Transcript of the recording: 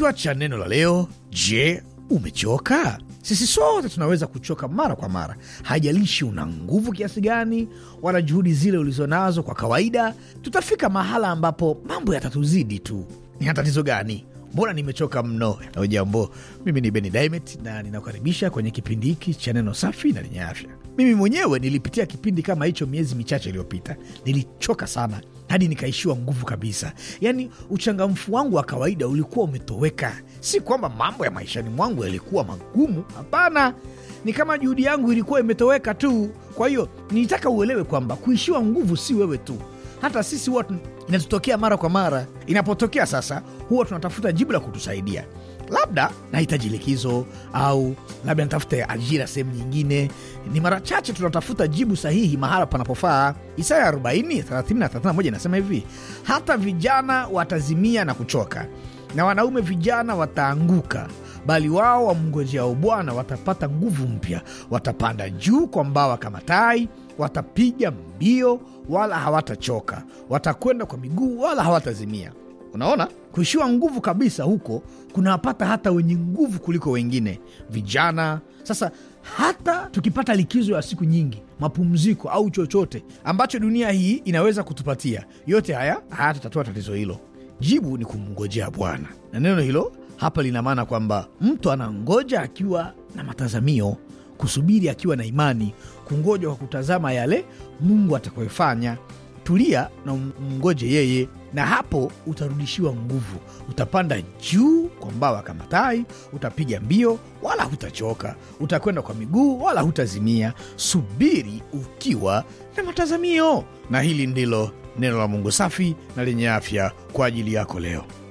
Kichwa cha neno la leo: Je, umechoka? Sisi sote tunaweza kuchoka mara kwa mara, haijalishi una nguvu kiasi gani wala juhudi zile ulizonazo. Kwa kawaida tutafika mahala ambapo mambo yatatuzidi tu. Ni tatizo gani? mbona nimechoka mno. Ujambo, mimi ni Beni Dimet na ninakukaribisha kwenye kipindi hiki cha neno safi na lenye afya. Mimi mwenyewe nilipitia kipindi kama hicho miezi michache iliyopita, nilichoka sana hadi nikaishiwa nguvu kabisa. Yaani uchangamfu wangu wa kawaida ulikuwa umetoweka. Si kwamba mambo ya maishani mwangu yalikuwa magumu, hapana, ni kama juhudi yangu ilikuwa imetoweka tu. Kwa hiyo nilitaka uelewe kwamba kuishiwa nguvu si wewe tu hata sisi huwa inatutokea mara kwa mara. Inapotokea sasa, huwa tunatafuta jibu la kutusaidia labda nahitaji likizo au labda natafuta ajira sehemu nyingine. Ni mara chache tunatafuta jibu sahihi mahala panapofaa. Isaya 4 31 inasema hivi: hata vijana watazimia na kuchoka, na wanaume vijana wataanguka, bali wao wamngojeao Bwana watapata nguvu mpya, watapanda juu kwa mbawa kama tai, watapiga mbio wala hawatachoka, watakwenda kwa miguu wala hawatazimia. Unaona, kuishiwa nguvu kabisa huko kunawapata hata wenye nguvu kuliko wengine, vijana. Sasa hata tukipata likizo ya siku nyingi, mapumziko au chochote ambacho dunia hii inaweza kutupatia, yote haya hayatatatua tatizo hilo. Jibu ni kumngojea Bwana, na neno hilo hapa lina maana kwamba mtu anangoja akiwa na matazamio, kusubiri akiwa na imani, kungoja kwa kutazama yale Mungu atakayofanya. Tulia na mngoje yeye, na hapo utarudishiwa nguvu. Utapanda juu kwa mbawa kama tai, utapiga mbio wala hutachoka, utakwenda kwa miguu wala hutazimia. Subiri ukiwa na matazamio. Na hili ndilo neno la Mungu safi na lenye afya kwa ajili yako leo.